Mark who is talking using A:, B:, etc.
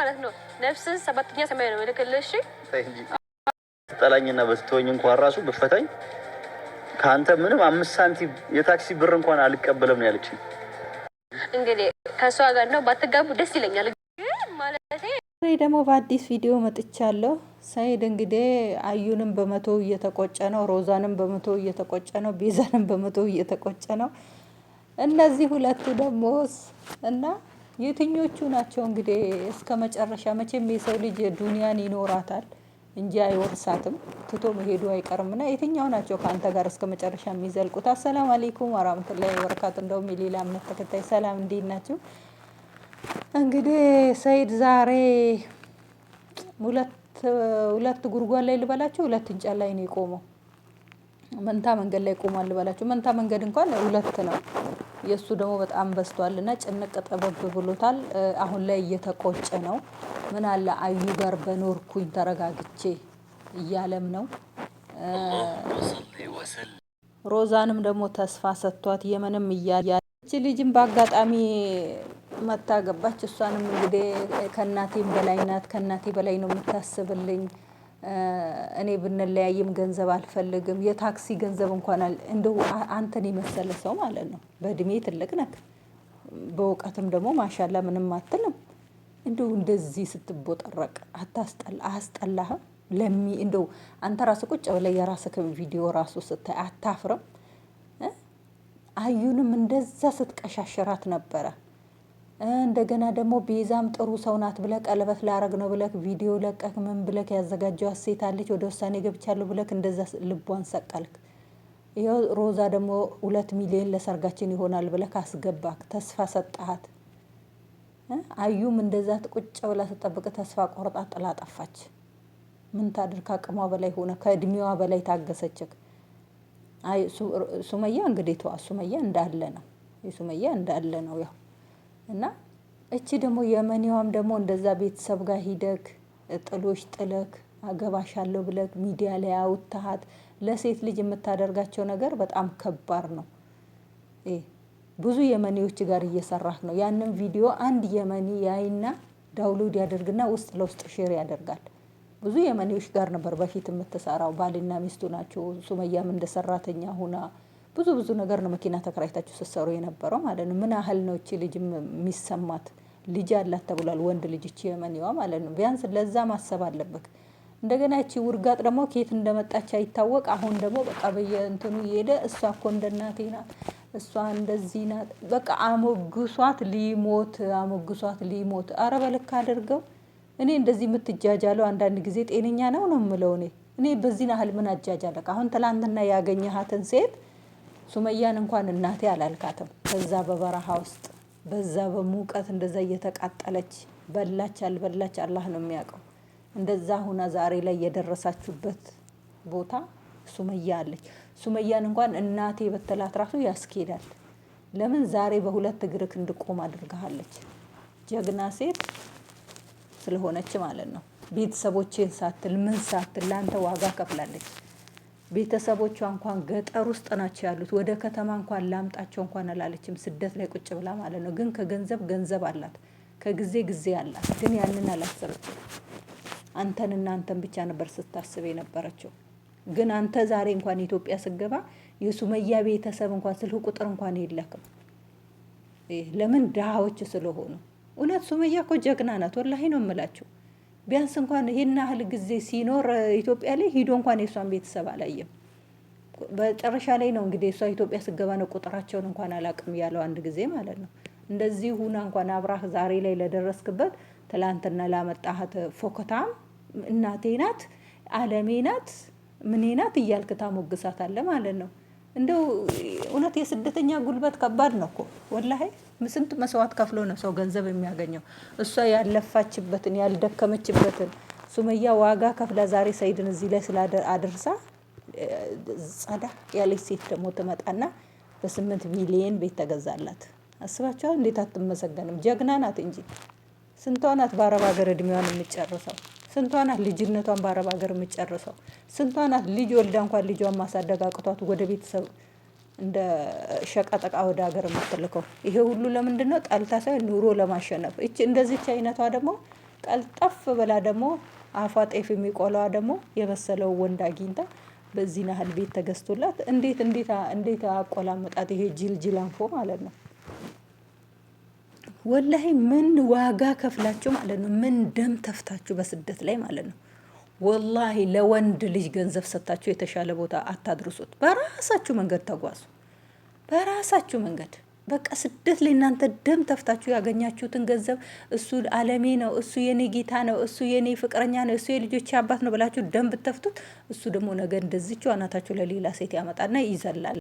A: ማለት ነው። ነፍስን ሰባተኛ ሰማይ ነው የልክልሽ።
B: ጠላኝና በትተወኝ እንኳን ራሱ ብፈታኝ ከአንተ ምንም አምስት ሳንቲም የታክሲ ብር እንኳን አልቀበለም ነው ያለች።
A: እንግዲህ ከእሷ ጋር ነው ባትጋቡ ደስ ይለኛል።
C: ዛሬ ደግሞ በአዲስ ቪዲዮ መጥቻለሁ። ሰይድ እንግዲህ አዩንም በመቶ እየተቆጨ ነው፣ ሮዛንም በመቶ እየተቆጨ ነው፣ ቤዛንም በመቶ እየተቆጨ ነው። እነዚህ ሁለቱ ደግሞ እና የትኞቹ ናቸው እንግዲህ እስከ መጨረሻ መቼም የሰው ልጅ ዱንያን ይኖራታል እንጂ አይወርሳትም ትቶ መሄዱ አይቀርምና የትኛው ናቸው ከአንተ ጋር እስከ መጨረሻ የሚዘልቁት? አሰላሙ አሌይኩም ወራህመቱላሂ ወበረካቱ። እንደውም የሌላ እምነት ተከታይ ሰላም፣ እንዴት ናቸው? እንግዲህ ሰይድ ዛሬ ሁለት ጉድጓድ ላይ ልበላችሁ፣ ሁለት እንጨት ላይ ነው የቆመው። መንታ መንገድ ላይ ቆሟል ልበላችሁ። መንታ መንገድ እንኳን ሁለት ነው የእሱ ደግሞ በጣም በዝቷልና ጭንቅ ጥበብ ብሎታል። አሁን ላይ እየተቆጨ ነው። ምን አለ አዩ ጋር በኖርኩኝ ተረጋግቼ እያለም ነው። ሮዛንም ደግሞ ተስፋ ሰጥቷት የምንም እያለች ልጅም በአጋጣሚ መታገባች። እሷንም እንግዲህ ከእናቴም በላይ ናት፣ ከእናቴ በላይ ነው የምታስብልኝ እኔ ብንለያይም ገንዘብ አልፈልግም። የታክሲ ገንዘብ እንኳን እንደው አንተን የመሰለ ሰው ማለት ነው። በእድሜ ትልቅ ነክ በእውቀትም ደግሞ ማሻላ ምንም አትልም። እንደው እንደዚህ ስትቦጠረቅ አታስጠላ አያስጠላህም? ለሚ እንደው አንተ ራስ ቁጭ ብለህ የራስህ ቪዲዮ ራሱ ስታይ አታፍርም? አዩንም እንደዛ ስትቀሻሽራት ነበረ። እንደገና ደግሞ ቤዛም ጥሩ ሰው ናት ብለህ ቀለበት ላረግ ነው ብለህ ቪዲዮ ለቀክ ምን ብለህ ያዘጋጀው ሴት አለች ወደ ውሳኔ ገብቻለሁ ብለህ እንደዛ ልቧን ሰቀልክ። ይኸው ሮዛ ደግሞ ሁለት ሚሊዮን ለሰርጋችን ይሆናል ብለህ አስገባክ፣ ተስፋ ሰጠሃት። አዩም እንደዛ ቁጭ ብላ ስጠብቅ ተስፋ ቆርጣ ጥላ ጠፋች። ምን ታድር? ከአቅሟ በላይ ሆነ፣ ከእድሜዋ በላይ ታገሰችክ። አይ ሱመያ እንግዲህ ተዋ ሱመያ እንዳለ ነው፣ ሱመያ እንዳለ ነው ያው እና እቺ ደግሞ የመኒዋም ደግሞ እንደዛ ቤተሰብ ጋር ሂደክ ጥሎሽ ጥለክ አገባሻለሁ ብለክ ሚዲያ ላይ አውጥተሃት ለሴት ልጅ የምታደርጋቸው ነገር በጣም ከባድ ነው። ብዙ የመኒዎች ጋር እየሰራህ ነው። ያንን ቪዲዮ አንድ የመኒ ያይና ዳውንሎድ ያደርግና ውስጥ ለውስጥ ሼር ያደርጋል። ብዙ የመኒዎች ጋር ነበር በፊት የምትሰራው። ባልና ሚስቱ ናቸው። ሱመያም እንደ ሰራተኛ ሁና ብዙ ብዙ ነገር ነው መኪና ተከራይታችሁ ስትሰሩ የነበረው ማለት ነው። ምን ያህል ነው እቺ ልጅ የሚሰማት? ልጅ አላት ተብሏል። ወንድ ልጅ እቺ የመንዋ ማለት ነው። ቢያንስ ለዛ ማሰብ አለበት። እንደገና እቺ ውርጋጥ ደግሞ ከየት እንደመጣች አይታወቅ። አሁን ደግሞ በቃ በየእንትኑ እየሄደ እሷ እኮ እንደ ናት፣ እሷ እንደዚህ ናት። በቃ አሞግሷት ሊሞት አሞግሷት ሊሞት። አረ በልክ አድርገው። እኔ እንደዚህ የምትጃጃለው አንዳንድ ጊዜ ጤነኛ ነው ነው የምለው እኔ እኔ በዚህን ያህል ምን አጃጃለቅ አሁን ትላንትና ያገኘሃትን ሴት ሱመያን እንኳን እናቴ አላልካትም። በዛ በበረሃ ውስጥ በዛ በሙቀት እንደዛ እየተቃጠለች በላች አልበላች አላህ ነው የሚያውቀው። እንደዛ ሁና ዛሬ ላይ የደረሳችሁበት ቦታ ሱመያ አለች። ሱመያን እንኳን እናቴ በተላት ራሱ ያስኬዳል። ለምን ዛሬ በሁለት እግርክ እንድቆም አድርገሃለች? ጀግና ሴት ስለሆነች ማለት ነው። ቤተሰቦቼን ሳትል ምን ሳትል ለአንተ ዋጋ ከፍላለች። ቤተሰቦቿ እንኳን ገጠር ውስጥ ናቸው ያሉት። ወደ ከተማ እንኳን ላምጣቸው እንኳን አላለችም። ስደት ላይ ቁጭ ብላ ማለት ነው። ግን ከገንዘብ ገንዘብ አላት፣ ከጊዜ ጊዜ አላት። ግን ያንን አላሰበችም። አንተን እና አንተን ብቻ ነበር ስታስብ የነበረችው። ግን አንተ ዛሬ እንኳን ኢትዮጵያ ስገባ የሱመያ ቤተሰብ እንኳን ስልክ ቁጥር እንኳን የለክም። ለምን? ድሃዎች ስለሆኑ። እውነት ሱመያ እኮ ጀግና ናት። ወላሂ ነው የምላችሁ። ቢያንስ እንኳን ይህን ያህል ጊዜ ሲኖር ኢትዮጵያ ላይ ሂዶ እንኳን የእሷን ቤተሰብ አላየም። በጨረሻ ላይ ነው እንግዲህ እሷ ኢትዮጵያ ስገባ ነው ቁጥራቸውን እንኳን አላቅም ያለው አንድ ጊዜ ማለት ነው። እንደዚህ ሁና እንኳን አብራህ ዛሬ ላይ ለደረስክበት ትላንትና ላመጣት ፎከታም እናቴ ናት አለሜ ናት ምኔ ናት እያልክ ታሞግሳታለህ ማለት ነው። እንደው እውነት የስደተኛ ጉልበት ከባድ ነው እኮ ወላሂ። ስንት መስዋዕት ከፍሎ ነው ሰው ገንዘብ የሚያገኘው? እሷ ያለፋችበትን ያልደከመችበትን ሱመያ ዋጋ ከፍላ ዛሬ ሰይድን እዚህ ላይ ስላደርሳ ጸዳ ያለች ሴት ደግሞ ትመጣና በስምንት ቢሊየን ቤት ተገዛላት። አስባችኋል? እንዴት አትመሰገንም? ጀግና ናት እንጂ ስንቷ ናት በአረብ ሀገር እድሜዋን የምጨርሰው። ስንቷናት ልጅነቷን በአረብ ሀገር የምጨርሰው ስንቷናት ልጅ ወልዳ እንኳን ልጇን ማሳደግ አቅቷት ወደ ቤተሰብ እንደ ሸቀጠቃ ወደ ሀገር የምትልከው ይሄ ሁሉ ለምንድን ነው? ጠልታ ሳይሆን ኑሮ ለማሸነፍ እች እንደዚች አይነቷ ደግሞ ቀልጠፍ ብላ ደግሞ አፏ ጤፍ የሚቆላዋ ደግሞ የበሰለው ወንድ አግኝታ በዚህ ናህል ቤት ተገዝቶላት እንዴት እንዴት እንዴት አቆላመጣት ይሄ ጅል ጅል አንፎ ማለት ነው። ወላሂ ምን ዋጋ ከፍላችሁ ማለት ነው፣ ምን ደም ተፍታችሁ በስደት ላይ ማለት ነው። ወላሂ ለወንድ ልጅ ገንዘብ ሰጥታችሁ የተሻለ ቦታ አታድርሱት። በራሳችሁ መንገድ ተጓዙ፣ በራሳችሁ መንገድ በቃ ስደት ላይ እናንተ ደም ተፍታችሁ ያገኛችሁትን ገንዘብ እሱ አለሜ ነው፣ እሱ የኔ ጌታ ነው፣ እሱ የኔ ፍቅረኛ ነው፣ እሱ የልጆች አባት ነው ብላችሁ ደም ብተፍቱት እሱ ደግሞ ነገ እንደዚችው አናታችሁ ለሌላ ሴት ያመጣና ይዘላል።